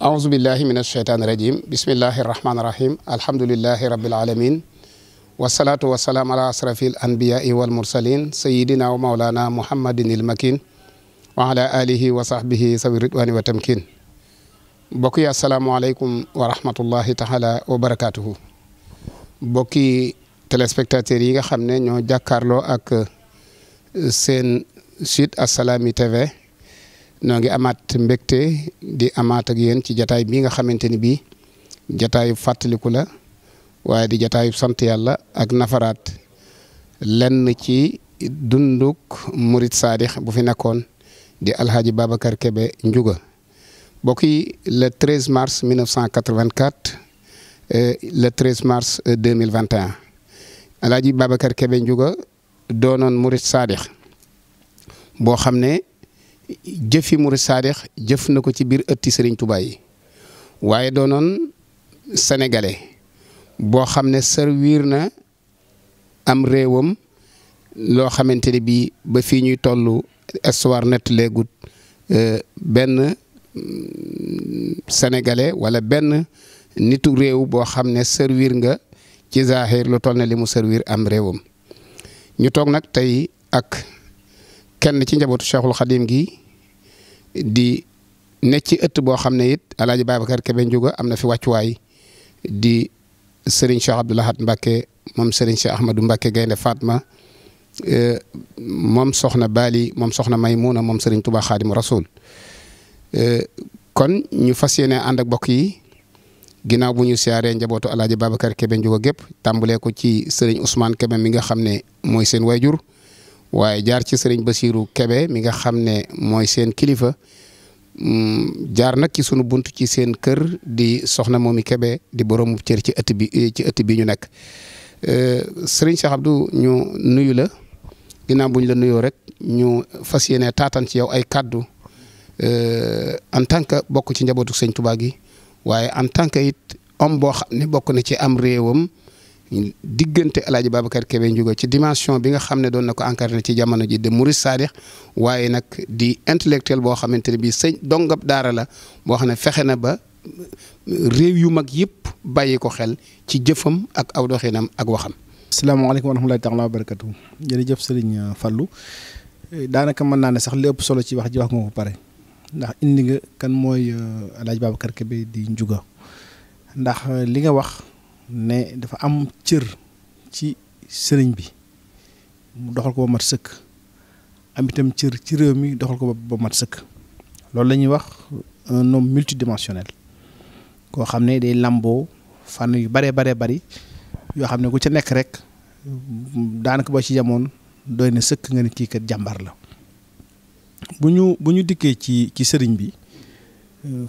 aousubillahi min alsheytaani irajim bismillahi irrahmani irahim alhamdulilahi rabilalamin wasalaatu wasalaam ala asrafi al anbiyai walmursalin sayidina wa maolana muhammadin il makin wa ala alihi wa sahbihi sawi ridwani wa tamkin mbokk yi asalaamualeykum wa rahmatullahi taala wa barakatuhu mbokki téléspectateurs yi nga xam ne ñoo jàkkaarloo ak euh, seen site Assalaamy TV noo ngi amaat mbégte di amaat ak yéen ci jataay bii nga xamante ni bii jataayu fàttaliku la waaye di jataayu sant yàlla ak nafaraat lenn ci dunduk murit saadix bu fi nekkoon di alxaaji Babacar Kebe Njuga mbokk yi le 13 mars 1984 euh, le 13 mars 2021 alxaaji Babacar Kebe Njuga doonoon murit saadix boo xam ne jëfi murid saadix jëf na ko ci biir ëtti Serigne Touba yi waaye doonoon sénégalais boo xam ne servir na am réewam loo xamante ne bii ba fii ñuy tollu histoire net léegut euh, benn sénégalais wala benn nitu réew boo xam ne servir nga ci zaaxir lu toll ne li mu servir am réewam ñu toog nag tey ak. kenn ci njabootu Cheikhul Khadim gi di nekk ci ëtt boo xam ne it El Hadj Babacar Kébé am na fi wàccuwaay di Serigne Cheikh Abdou Lahad moom Serigne Cheikh Ahmadou Mbacke Gaynde faatma euh, moom soxna Bali moom soxna may Maymuna moom Serigne Touba Khadim Rasoul euh, kon ñu fas yéene ànd ak mbokk yi ginnaaw bu ñu siyaaree njabootu El Hadj Babacar Kébé Ndiouga gépp tàmbalee ko ci Serigne Ousmane Kébé mi nga xam ne mooy seen wayjur waaye jaar ci sëriñ Basiiru Kebe mi nga xam ne mooy seen kilifa mm, jaar nag ci sunu bunt ci seen kër di soxna moomi Kebe di borom cër ci ëtt bi ci ëtt bi ñu nekk euh, sëriñ Cheikh ñu nuyu la ginnaaw buñ la nuyoo rek ñu fas yéene taataan ci yow ay kàddu euh, en tant que bokk ci njabootu sëñ Tuubaa gi waaye en tant que it om boo xam ne bokk na ci am réewam diggante El Hadj Babacar Kébé ci dimension bi nga xam ne doon na ko incarné ci jamono ji de Mouride Sadikh waaye nag di intellectuel boo xamante ne bii sëñ dongab daara la boo xam ne fexe na ba réew yu mag yëpp bàyyi ko xel ci jëfam ak aw doxinam ak waxam. asalaamaaleykum wa rahmatulahi taala wa barakatu jërëjëf Serigne Fallou daanaka mën naa ne sax li solo ci wax ji wax nga ko pare ndax indi kan mooy euh, El Hadj Babacar di Ndiouga ndax euh, li nga wax. ne dafa am cër ci sëriñ bi doxal ko ba mat sëkk am itam cër ci réew mi doxal ko ba mat sëkk loolu lañuy wax un homme multidimensionnel koo xam ne day làmboo fànn yu bare bare bari yoo xam ne ku ca nekk rek daanaka ba ci jamoon doy na sëkk nga ne kii kat jàmbaar la bu ñu bu ñu dikkee ci ci sëriñ bi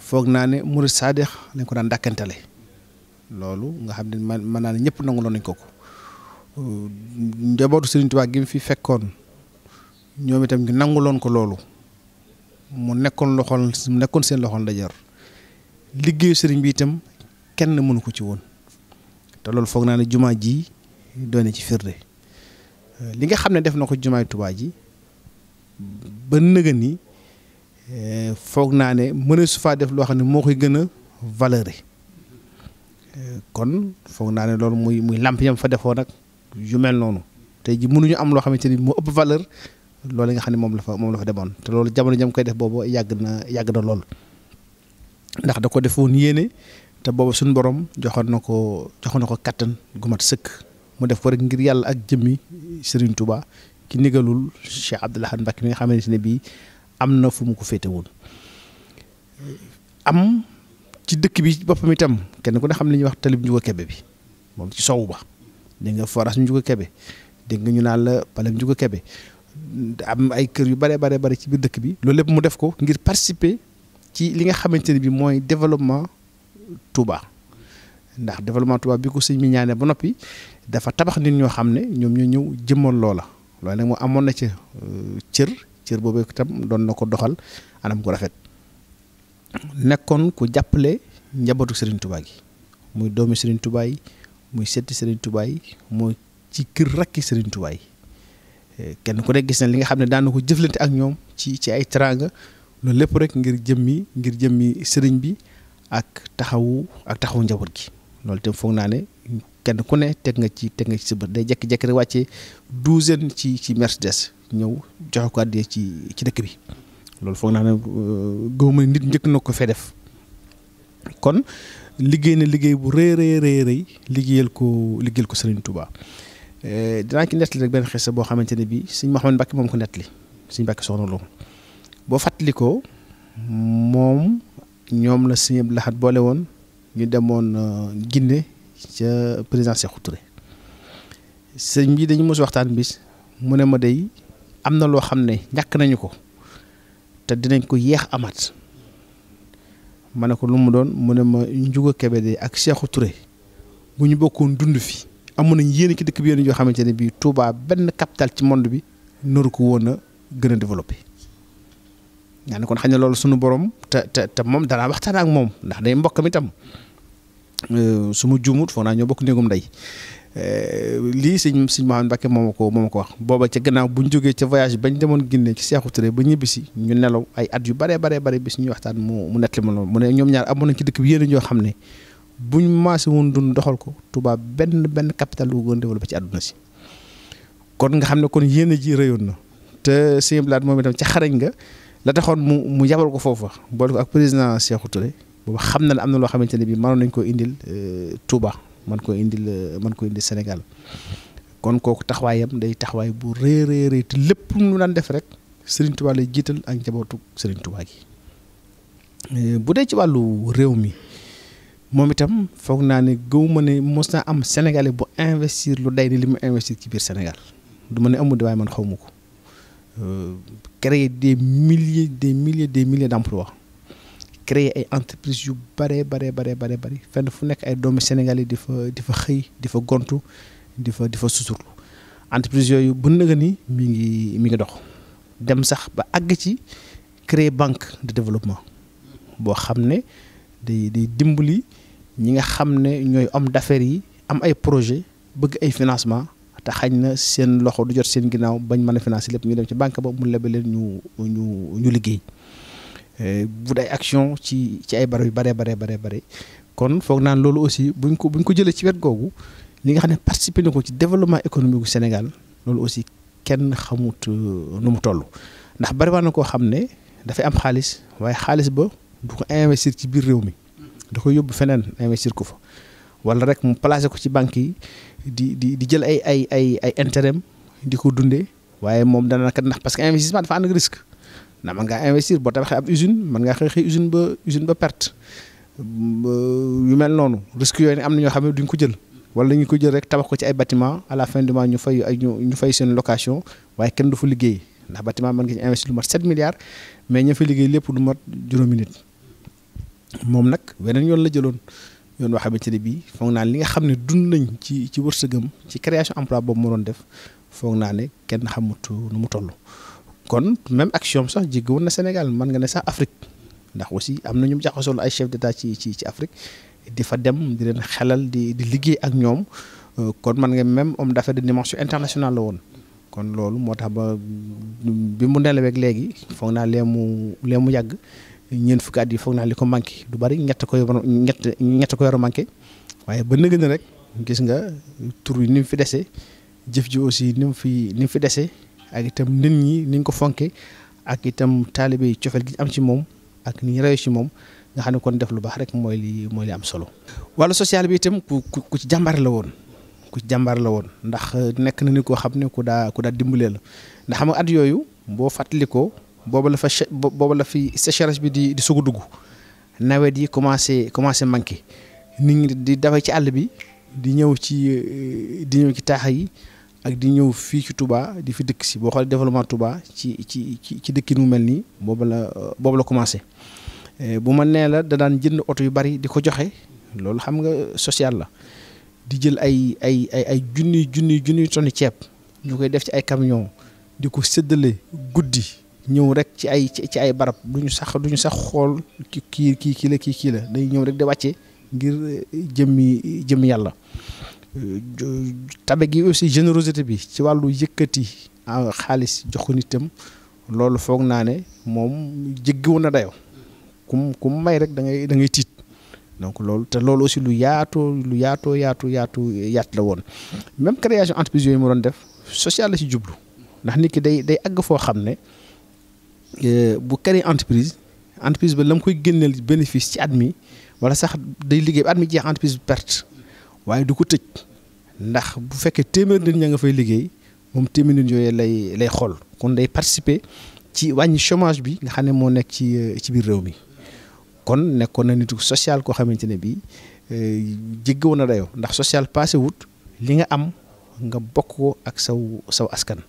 foog naa ne murid saadix lañ ko daan dàkkantale loolu nga xam ne man mën naa ne ñëpp nanguloo nañ ko ko njabootu Serigne Touba gi mu fi fekkoon ñoom itam ñu nanguloon ko loolu mu nekkoon loxol nekkoon seen loxol ndajar liggéeyu Serigne bi itam kenn mënu ko ci woon te loolu foog naa ne jumaa ji doone ci firnde li nga xam ne def na ko jumaay Touba ji ba nëgën ni eh, foog naa ne mën su faa def loo xam ne moo koy gën a valeur kon foog naa ne loolu muy muy làmp yam fa defoo nag yu mel noonu tey ji mënuñu am loo xamante ni moo ëpp loolu nga xam ne moom la moom la fa demoon te loolu jamono jam koy def boobu yàgg na yàgg na lool ndax da ko defoon yéene te boobu suñu borom joxoon na ko joxoon na ko kattan gu sëkk mu def ko rek ngir yàlla ak jëmmi Serigne Touba ki nigalul Cheikh Abdoul mi nga xamante ne bii am na fu mu ko féete woon am ci dëkk bi boppam itam kenn ku ne xam li ñuy wax talib njuga kebe bi moom ci sow ba dégg nga forage njuga kebe dégg nga ñu naan la palais njuga kebe am ay kër yu bare bare bare ci biir dëkk bi loolu lépp mu def ko ngir participer ci li nga xamante ne bi mooy développement Touba ndax développement Touba bi ko sëñ mi ñaanee ba noppi dafa tabax nit ñoo xam ne ñoom ñoo ñëw jëmmal loola loolu nag moo amoon na ca euh, cër cër boobu itam doon na ko doxal anam gu rafet nekkoon ko jàppale njabootu sëriñ Touba gi muy doomi sëriñ Touba muy setti Serigne Touba yi muy ci kër rakki sëriñ Touba yi eh, kenn ku ne gis na li nga xam ne daan na ko jëflante ak ñoom ci ci ay teraanga loolu lépp rek ngir jëmmi ngir jëmmi Serigne bi ak taxawu ak taxawu njaboot gi loolu itam foog naa ne kenn ku ne teg nga ci teg nga ci sa day jékki-jékki rek wàccee douzaine ci ci Mercedes ñëw joxe ko àddee ci ci dëkk bi. loolu foog naa ne euh, gëwuma nit njëkk na ko fee def kon liggéey na liggéey bu rëy rëy rëy liggéeyal ko liggéeyal ko Serigne Touba euh, dinaa ci nettali rek benn xisa boo xamante ne bii Serigne Mouhamed Mbacké moom ko nettali suñ Mbacké soxna Lo boo fàttalikoo moom ñoom la Serigne Abdou Lahad boole woon ñu demoon euh, Guinée ca président Sékou Touré sëñ bi dañu mos waxtaan bis mu ne ma dey am na loo xam ne ñàkk nañu ko te dinañ ko yéex amaat ma ne ko lu mu doon mu ne ma Ndiouga Kébé de ak Cheikhou ture bu ñu bokkoon dund fi amoon nañ yéen ci dëkk bi yéen yoo xamante ne bii Touba benn capital ci monde bi noru ko woon a gën a développé. yaa ne kon xañ na loolu sunu borom te te te moom danaa waxtaan ak moom ndax day mbokk mi tam euh, su ma juumut foog naa ñoo bokk néegum ndey Eh, lii sëñ sëñ Mouhamed Mbacke moom ko moom ko wax booba ca gannaaw buñ jógee ca voyage bañ demoon Guinée ci Seexu Ture ba ñibbisi ñu nelaw ay at yu baree bare bare bis ñuy waxtaan mu mu nettali ma loolu mu ne ñoom ñaar amoon nañ ci dëkk bi yéen ñoo xam ne buñ maasee woon dund doxal ko Touba benn benn capital bu gën ci àdduna si kon nga xam ne kon yéen ji rëyoon na te sëñ Blaat moom itam ca xarañ nga la taxoon mu mu yabal ko foofa boole ak président Seexu Ture booba xam na ne am na loo xamante ne bii mënoon nañ koo indil eh, Touba. man ko indil man ko indi Sénégal kon kooku taxawaayam day taxawaay bu rëy rëy te lépp lu mu def rek Serigne Touba lay jiital ak njabootu Serigne Touba gi eh, bu dee ci wàllu réew mi moom itam foog naa ne gëw ma ne mos naa am sénégalais bu investir lu day ni li mu investir ci biir Sénégal du ma ne amul waaye man xaw ma ko euh, créer des milliers des milliers des milliers d'emplois créer ay entreprise yu bare bare bare bare bëri fenn fu nekk ay doomu Sénégal yi di fa di fa xëy di fa gontu di fa di fa suturlu entreprise yooyu bu nëgë ni mi ngi mi ngi dox dem sax ba àgg ci créer banque di développement boo xam ne day day dimbali ñi nga xam ne ñooy homme d'affaires yi am ay projet bëgg ay financement te xañ na seen loxo du jot seen ginnaaw bañ mën a finance lépp ñu dem ci banque ba mu lebe leen ñu ñu ñu liggéey Euh, bu day action ci ay barab yu bare bare bare bare kon foog naan loolu aussi buñ ko buñ ko jëlee ci wet googu li nga xam ne participer na ko ci développement économique gu Sénégal loolu aussi kenn xamut euh, nu mu toll ndax bari waa na koo xam ne dafay am xaalis waaye xaalis ba du ko investir ci biir réew mi da koy yóbbu feneen investir ko fa wala rek mu placer ko ci banque yi di di di jël ay ay ay ay intérêt di ko dundee waaye moom dana kat ndax parce que ndax mën ngaa investir boo tabaxee ab usine mën ngaa xëy xëy usine ba usine ba perte yu mel noonu risque yooyu ne am na ñoo xam ne duñ ko jël wala ñu ko jël rek tabax ko ci ay bâtiment à la fin du mois ñu fay ay ñu fay seen location waaye kenn du fa liggéey ndax bâtiment mën nga ci investir lu mat 7 milliards mais ña fa liggéey lépp lu mat juróomi nit moom nag weneen yoon la jëloon yoon boo xamante ne bii foog naa ne li nga xam ne dund nañ ci ci wërsëgam ci création emploi boobu moo doon def foog naa ne kenn xamut nu mu toll kon même action sax jéggi woon na Sénégal man nga ne sax Afrique ndax aussi am na ñu jaxasoo ay chef d'état ci ci ci Afrique di fa dem di leen xelal di di liggéey ak ñoom euh, kon man nga même homme d'affaires de dimension internationale la woon. kon loolu moo tax ba bi mu nelaweeg léegi foog naa lee mu lee mu yàgg ñeent fukki yi foog naa li ko manqué du bari ñett ko yor ñett ñett ko yor manqué waaye ba nëgën rek gis nga tur yi ni fi dese jëf ji aussi ni fi ni ak itam nit ñi ni ñu ko fonke ak itam taalibe yi cofeel gi am ci moom ak ni ñu rëy ci moom nga xam ne kon def lu baax rek mooy li mooy li am solo. wàllu social bi itam ku ku ci jàmbaar la woon ku ci jàmbaar la woon ndax nekk na ni koo xam ne ku daa ku daa dimbalee la ndax xam nga at yooyu boo fàttalikoo boobu la fa boobu la fi sécheresse bi di di sug dugg nawet yi commencé commencé manqué nit ñi di dafay ci àll bi di ñëw ci di ñëw ci taax yi. ak di ñëw fii ci Touba di fi dëkk si boo xoolee développement Touba ci ci ci ci dëkkin mu mel nii boobu la boobu la commencé eh, bu ma nee la da daan jënd oto yu bari di ko joxe loolu xam nga social la di jël ay ay ay ay junni junni junni tonni ceeb ñu koy def ci ay camion di ko sëddale guddi ñëw rek ci ay ci ay barab du ñu sax du sax xool kii kii kii la kii kii la day ñëw rek di wàcce ngir eh, jëmmi jëmmi yàlla. tabe gi aussi générosité bi ci wàllu yëkkati ah, xaalis jox ko nitam loolu foog naa ne moom jéggiwoon na dayoo kum kum may rek da ngay da ngay tiit donc loolu te loolu aussi lu yaatoo lu yaatoo yaatu yaatu yaat la woon même création entreprise yooyu mu doon def social la ci jublu ndax nit ki day day àgg foo xam ne euh, bu créer entreprise entreprise ba lam mu koy génneel bénéfice ci at mi wala sax day liggéey ba at mi jeex entreprise perte. waaye du ko tëj ndax bu fekkee téeméer nit ña nga fay liggéey moom téeméer nit yooyu lay lay xool kon day participer ci wàññi chomage bi nga xam ne moo nekk ci ci biir réew mi kon nekkoon na nitu sociale koo xamante ne bii eh, jéggoon na dayoo ndax social passé wut li nga am nga bokk ko ak saw saw askan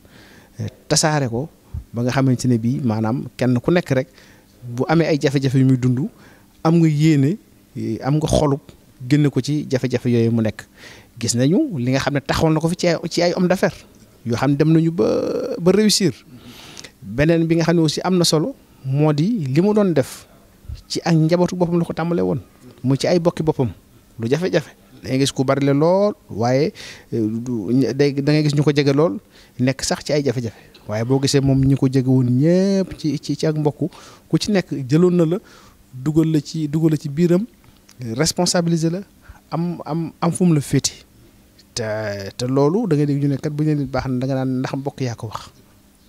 eh, tasaare ko ba nga xamante ne bii maanaam kenn ku nekk rek bu amee ay jafe-jafe yu muy dund am nga yéene eh, am nga xolub génn ko ci jafe-jafe yooyu mu nekk gis nañu li nga xam ne taxawal na ko fi ci ay ci ay homme d'affaires yoo xam ne dem nañu ba ba réussir beneen bi nga xam ne aussi am na solo moo di li mu doon def ci ak njabootu boppam la ko tàmbalee woon mu ci ay bokki boppam lu jafe-jafe da gis ku bari la lool waaye euh, day da ngay gis ñu ko jege lool nekk sax ci ay jafe-jafe waaye boo gisee moom ñi ko jege woon ñëpp ci ci ci ak mbokk ku ci nekk jëloon na la dugal la ci dugal la ci biiram. responsabiliser la am am am fu la féeti te te loolu da dégg ñu ne kat bu ñu nit baax na da nga naan ndax mbokk yaa ko wax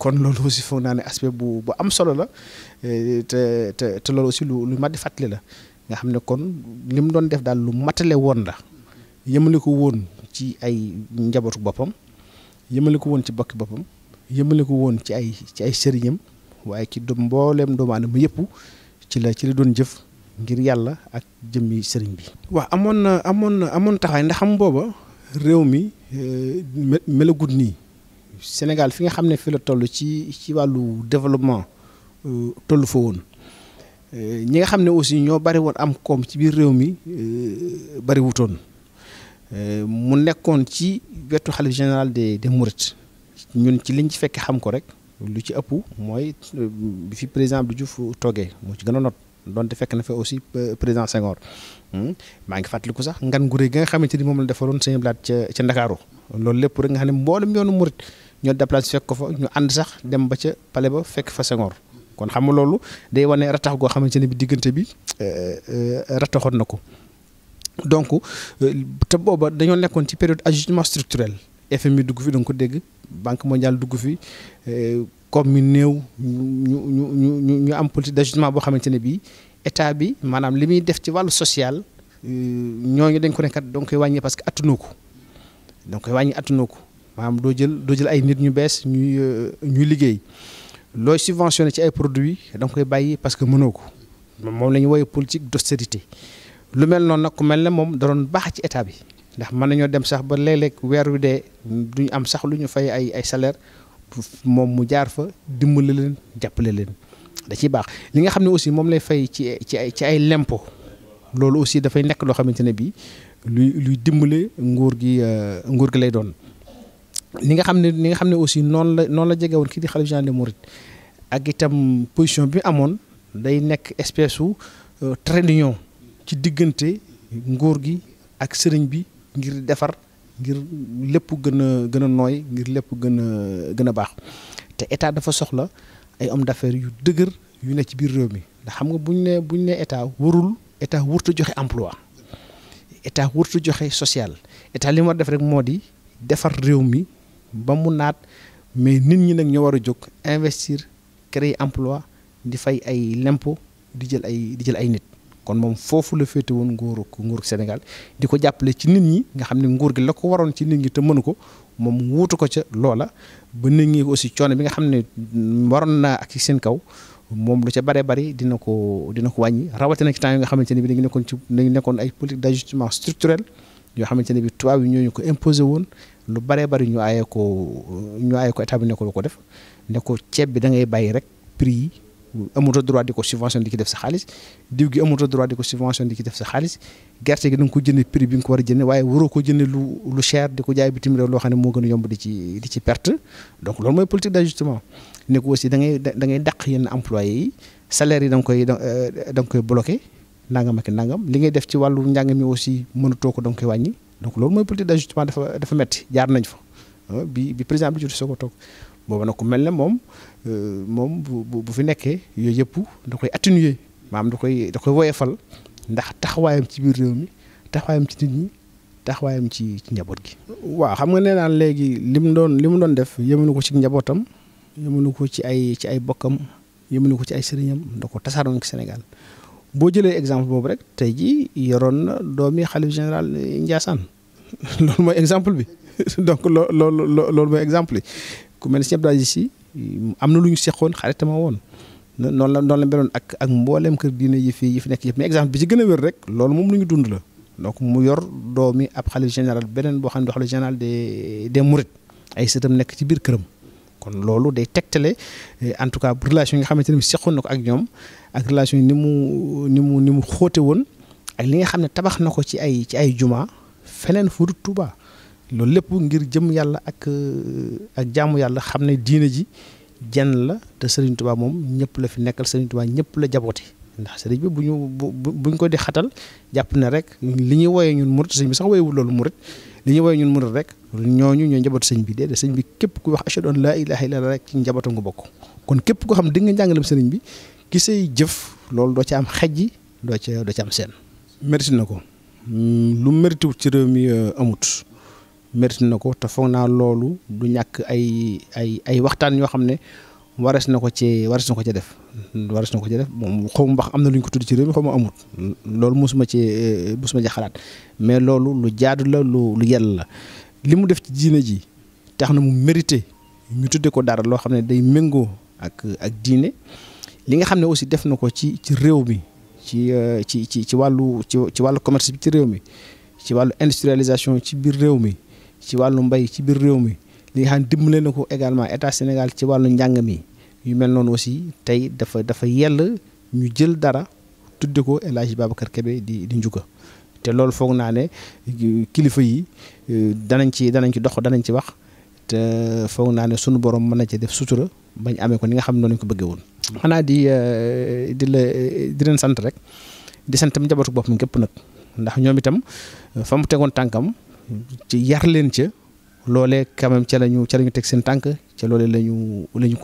kon loolu aussi foog naa ne aspect bu am solo la eh, te te te loolu aussi lu lu mat di fàttali la nga xam ne kon li mu doon def daal lu matale woon la yëmale ko woon ci ay njabootu boppam yëmale ko woon ci bokki boppam yëmale ko woon ci ay ci ay sëriñam waaye ci mboolem doomu aadama yëpp ci la ci la doon jëf. ngir yàlla ak jëmmi sëriñ bi. waaw amoon na amoon na amoon taxawaay ndax am booba réew mi euh, melagut nii Sénégal fi nga xam ne fi la toll ci ci wàllu développement euh, tollu fa woon euh, ñi nga xam ne aussi ñoo bari woon am koom ci biir réew mi bari wutoon mu nekkoon ci wetu xalif général des des ñun ci liñ ci fekk xam ko rek lu ci ëpp mooy bi fi président Abdou Diouf toogee moo ci gën a not donte fekk na fa aussi euh, président Senghor hmm? maa ngi fàttaliku sax ngan gu rëy gi nga xamante ni moom la defaroon sëñ Blaat ca ca Ndakaaru loolu lépp rek nga xam ne mboolem yoonu murit ñoo déplacé fekk ko fa ñu ànd sax dem ba ca pale ba fekk fa Senghor kon xam loolu day wane ratax goo xamante ne bi diggante bi euh, euh, rataxoon na ko donc te booba dañoo nekkoon ci période ajustement structurel. FMI dugg fi da nga ko dégg banque mondiale dugg fi eh, comme mi néew ñu ñu ñu ñu am politique d'ajustement boo xamante ne bii état bi maanaam li muy def ci wàllu social eh, ñooñu dañ ko nekkat danga koy parce que attunoo ko danga wàññi attunoo ko maanaam doo jël doo jël ay nit ñu bees ñuy eh, ñuy liggéey looy subventionné ci ay produits da koy bàyyi parce que mënoo ko moom la ñuy woowee politique d'austérité lu mel noonu nag ku mel ne moom da doon baax ci état bi. ndax mën nañoo dem sax ba léeg-léeg weer wi dee duñu am sax lu ñu fay ay ay salaire moom mu jaar fa dimbali leen jàppale leen da ciy baax li nga xam ne aussi moom lay fay ci ci ay ci ay lempo loolu aussi dafay nekk loo xamante ne bii luy luy dimbale nguur gi euh, nguur gi lay doon li nga xam ne li nga xam ne aussi noonu la noon la jege woon kii di xalifa général des mourides ak itam position bi amoon day nekk espèce su euh, ci diggante nguur gi ak sëriñ bi ngir defar ngir lépp gën a gën a nooy ngir lépp gën a gën a baax te état dafa soxla ay hommes d'affaires yu dëgër yu ne ci biir réew mi ndax xam nga bu ñu nee bu ñu nee état warul état wurtu joxe emploi état wurtu joxe social état li ma war def rek moo di defar réew mi ba mu naat mais nit ñi nag ñoo war a jóg investir créer emploi di fay ay lemp di jël ay di jël ay nit. kon moom foofu la féete woon nguuru nguuru Sénégal di ko jàppale ci nit ñi nga xam ne nguur gi la ko waroon ci nit ñi te mënu ko moom wuutu ko ca loola ba nit ñi aussi coono bi nga xam ne waroon naa ak seen kaw moom lu ca bare bari dina ko dina ko wàññi rawatina ci temps nga xamante ne bi dañu nekkoon ci dañu nekkoon ay politique d'ajustement structurel yoo xamante ne bi tubaab yi ko imposé woon lu bare bari ñu aaye ko ñu aaye ko état bi ne ko ko def ne ceeb bi da ngay bàyyi rek prix yi amul droit di ko subvention di ki def sa xaalis diw gi amul droit di ko subvention di ki def sa xaalis gerte gi da nga ko jëndee prix bi nga ko war a jëndee waaye ko jëndee lu lu cher di ko jaay bitim réew loo xam ne moo gën a yomb di ci di ci perte donc loolu mooy politique d'ajustement ne ko aussi da ngay da ngay dàq yenn employé yi salaire da nga koy da nga koy bloqué nangam ak nangam li ngay def ci wàllu njàng mi aussi mënatoo ko da nga koy wàññi donc loolu mooy politique d'ajustement dafa dafa metti jaar nañ fa ah, bi bi président bi jot soo ko toog boobu nag ko mel ne moom Euh, moom bu bu fi nekkee yooyu yëpp da koy atténuer maanaam da koy da koy woyefal ndax taxawaayam ci biir réew mi taxawaayam ci nit taxawaayam ci ci njaboot gi. waaw xam nga nee naan léegi li mu doon li mu doon def yemunu ko ci njabootam yemunu ko ci ay ci ay bokkam yemunu ko ci ay sëriñam da ko tasaaroon ci Sénégal boo jëlee exemple boobu rek tey jii yoroon na doomi xalif général Ndiassane loolu mooy exemple bi donc loo loolu loolu mooy exemple bi ku mel ne si am na lu ñu seqoon xaritama woon noonu la noonu la meloon ak ak mbooleem kër diine yi fi yi fi nekk yëpp mais exemple bi ci gën a wér rek loolu moom lu ñu dund la donc mu yor doomi ab xale général beneen boo xam ne xalif général des des mourides ay sëtam nekk ci biir këram kon loolu day tegtale en tout cas relation yi nga xamante ne bi seqoon na ko ak ñoom ak relation yi ni mu ni mu ni mu xóote woon ak li nga xam ne tabax na ko ci ay ci ay juma feneen fu dul Tuuba loolu lépp ngir jëm yàlla ak euh, ak jàmm yàlla xam ne diine ji jenn la te Serigne Touba moom ñëpp la fi nekkal Serigne Touba ñëpp la jabooti ndax Serigne bi bu ñu buñ ko di xatal jàpp na rek li ñuy woyee ñun murit sëñ bi sax woyeewul loolu murit li ñuy woyee ñun murit rek ñooñu ñoo njaboot sëñ bi déedéet sëñ bi képp ku wax ashhadu an laa ilaaha illallah rek ci njabootam nga bokk kon képp ko xam dégg nga njàngalam sëriñ bi ki say jëf loolu doo ci am xejji doo ci doo ci am seen mérite na ko hmm, lu mérite ci réew mi euh, amut mérite na ko te foog naa loolu lu ñàkk ay ay ay waxtaan yoo xam ne warees na ko ci warees na ko ci def warees na ko ci def moom xaw ma wax am na lu ñu ko tudd ci réew mi xaw loolu mosuma ci eh, mosuma ci xalaat mais loolu lu jaadu la lu lu yell la li mu def ci diine ji tax na mu mérité ñu tudde ko dara loo xam ne day méngoo ak ak diine li nga xam ne aussi def na ko ci réew mi ci euh, ci ci ci wàllu ci ci wàllu commerce bi ci réew mi ci wàllu industrialisation ci biir réew mi ci wàllu mbay ci biir réew mi li nga xam ne na ko également état Sénégal ci wàllu njàng mi yu mel noonu aussi tey dafa dafa yell ñu jël dara tudde ko El Hadj Babacar Kébé di di njuga te loolu foog naa ne euh, kilifa yi euh, danañ ci danañ ci dox danañ ci wax te foog naa ne sunu borom mën na ci def sutura bañ amee ko ni nga xam noonu ñu ko bëggee woon. xanaa di euh, di la di leen sant rek di sant santam njabootu boppam gépp nag ndax ñoom itam fa mu tegoon tànkam. ci yar leen ca loole kamam même ca la ñu ca la ñu teg seen tànk ca loole la ñu la ñu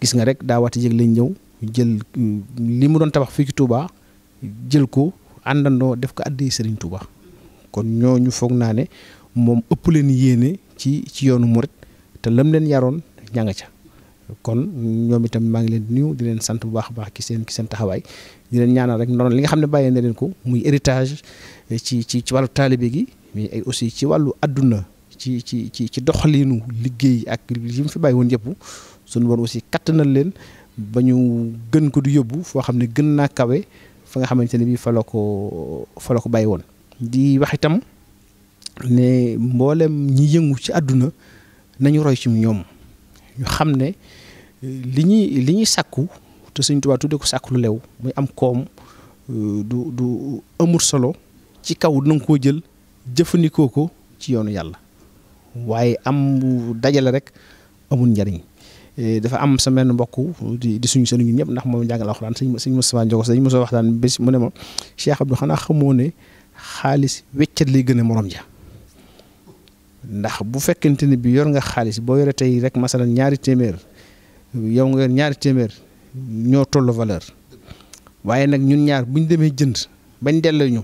gis nga rek daa waati jég lañ ñëw jël li mu doon tabax fii ci Touba jël ko àndandoo def ko addi Serigne Touba kon ñooñu foog naa ne moom ëpp leen yéene ci ci yoonu murit te lam leen yaroon ña nga ca kon ñoom itam maa ngi leen di nuyu di leen sant bu baax a baax ci seen ci seen taxawaay di leen ñaanal rek noonu li nga xam ne bàyyee na leen ko muy héritage eh, ci ci ci wàllu taalibe gi. mais ay aussi ci wàllu àdduna ci ci ci ci doxaliinu liggéey ak yi mu fi bàyyi woon yëpp suñu borom aussi kattanal leen ba ñu gën ko du yóbbu foo xam ne gën naa kawe fa nga xamante ne bii fa ko fa ko bàyyi woon. di wax itam ne mboolem ñi yëngu ci àdduna nañu roy ci ñoom xam ne euh, li ñuy li ñuy sàkku te Sëñ Tuubaa tuddee ko sàkku lew muy am koom euh, du du amul solo ci kaw na koo jël. jëfandikoo ko ci yoonu yàlla waaye am dajale rek amul njariñ e, dafa am sa benn mbokk di di suñu sëriñ ñëpp ndax moom jàngal alxuraan sëñ sëñ Moustapha Ndiogo sëñ Moustapha waxtaan bés mu ne ma Cheikh Abdou xanaa xamoo ne xaalis weccat lay gën a morom ja ndax bu fekkente ne bi yor nga xaalis boo yore tey rek masalan ñaari téeméer yow nga yor ñaari téeméer ñoo toll valeur waaye nag ñun ñaar buñ demee jënd bañ delloo ñu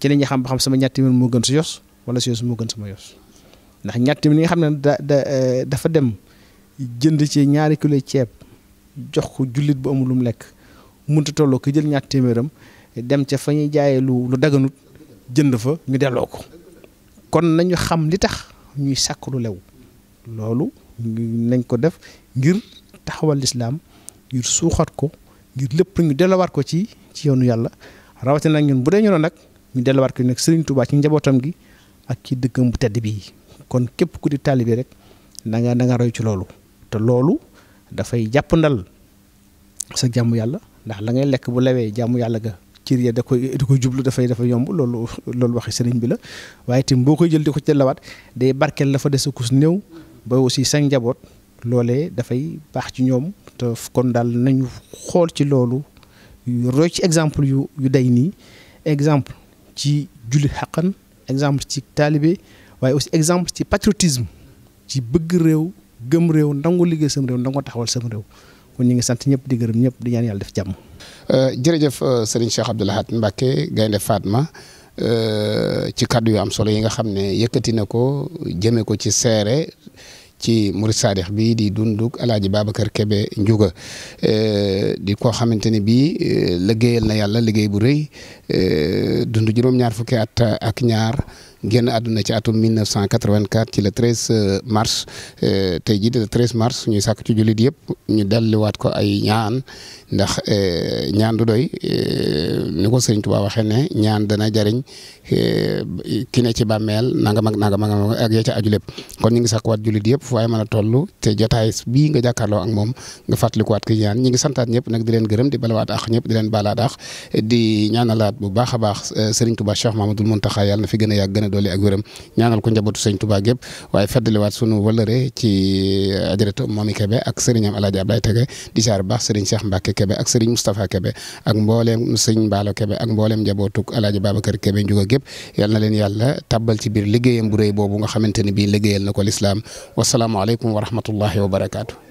ci la ñuy xam ba xam sama ñetti téeméer moo gën su yos wala su yos moo gën sama yos ndax ñetti téeméer yi nga xam ne eh, dafa dem jënd ci ñaari kiloy ceeb jox ko jullit bu amul lu mu lekk mun a tolloo ko jël ñetti téeméeram dem ca fa ñuy jaayee lu lu daganut jënd fa ñu delloo ko kon nañu xam li tax ñuy sàkk lu lew loolu nañ ko def ngir taxawal lislaam ngir suuxat ko ngir lépp ñu dellowaat ko ci ci yoonu yàlla rawatina nag ñun bu dee ñu nag. ñu delluwaat ko nag Serigne Touba ci njabootam gi ak ci dëkkam bu tedd bii kon képp ku di taalibe rek na nga na ci loolu te loolu dafay jàppandal sa jàmm yàlla ndax la ngay lekk bu lawee jàmm yàlla ga cir da koy da koy jublu dafay dafa yomb loolu loolu waxi sëriñ bi la waaye tim boo koy jël ko ci lawaat day barkeel fa des a kus néew ba aussi sa njaboot loolee dafay baax ci ñoom te kon daal nañu xool ci loolu roy ci exemple yu yu day nii exemple ci jullit xaqan exemple ci taalibe waaye aussi exemple ci patriotisme ci bëgg réew gëm réew ndangu liggéey sam réew ndangu taxawal sam réew kon ñu ngi sant ñëpp di gërëm ñëpp di ñaan yàlla def jàmm. Euh, jërëjëf euh, sëriñ Cheikh Abdou Lahad Mbacké Gaynde Fatma euh, ci kàddu yu am solo yi nga xam ne yëkkati na ko jëme ko ci seere ci murid saadix bi di dundug alaaji Babacar Kebe Ndiouga euh, di ko xamante ne bii euh, liggéeyal na yàlla liggéey bu rëy euh, dund juróom-ñaar fukki at ak ñaar génn àdduna ci atum 1984 ci le 13 euh, mars euh, te jii le 13 mars ñuy sàkk ci jullit yëpp ñu waat ko ay ñaan ndax euh, ñaan du doy ni ko sëriñ Tuubaa waxee ne ñaan dana jariñ ki ne ci bàmmeel nangam ak nangam ak ya ca aju lépp kon ñu ngi sàkkuwaat jullit yëpp fu waaye mën a toll te jotaay bii nga jàkkaarloo ak moom nga fàttalikuwaat ki ñaan ñi ngi santaat ñëpp nag di leen gërëm di balawaat ak ñëpp di leen baalaat ak di ñaanalaat bu baax a baax sëriñ Tuubaa Cheikh Mamadou Mountakha yàlla na fi yàgg doole ak wéram ñaanal ko njabootu sëñ tubaa gépp waaye feddaliwaat sunu wëllëre ci ajaratu eh, Momi Kébé ak sëriñam El Hadj Abdoulaye Tege di jaar baax sëriñ Cheikh Mbacke Kébé ak sëriñ Moustapha Kébé ak mboolem sëñ Mbaalo Kébé ak mboolem njabootu El Hadj Babacar Kébé njuga gépp yal na leen yàlla tabal ci biir liggéeyam bu rëy boobu nga xamante ne bii liggéeyal na ko lislaam wasalaamaaleykum wa rahmatullahi wa barakaatu